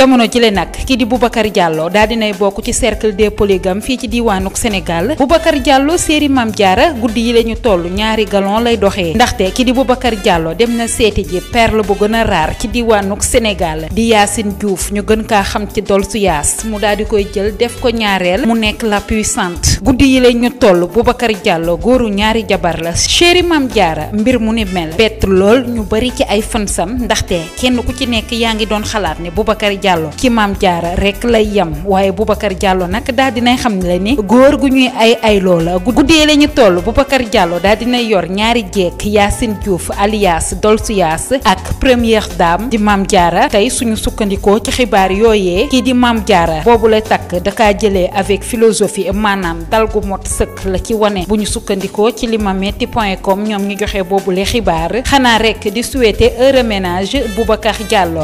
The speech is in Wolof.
jamono jile nag kii di Boubacar Diallo daal dinay bokk ci cercle des polygames fii ci diiwaanuk Sénégal Boubacar Diallo séeri Mame jaara guddi yi la ñu toll ñaari galon lay doxee ndaxte kii di Boubacar Diallo dem na seeti ji perle bu gën a raar ci diiwaanuk Sénégal di Yacine Diouf ñu gën kaa xam ci dol su mu daal di koy jël def ko ñaareel mu nekk la puissante guddi yi la ñu toll Boubacar jàlloo góoru ñaari jabar la séeri Mame Diarra mbir mu ni mel bett lool ñu bari ci ay fansam ndaxte kenn ku ci nekk yaa ngi doon xalaat ne Boubacar Diallo Diallo ci maam jaara rek lay yam waye Boubacar Diallo nak dal dinay xam ni góor gu ñuy ay ay loola guddee la ñu toll Boubacar Diallo dal dinay yor ñaari jeek Yassine Diouf alias Dolcias ak première dame di mam jaara tay suñu sukkandikoo ci xibaar yoyé ki di mam maam bobu lay tak da ka jëlee avec philosophie manam dal gu mot seuk la ci wane buñu ñu ci limameti.com ñom com joxé bobu joxe xibaar xana rek di souhaiter heureux ménage Boubacar Diallo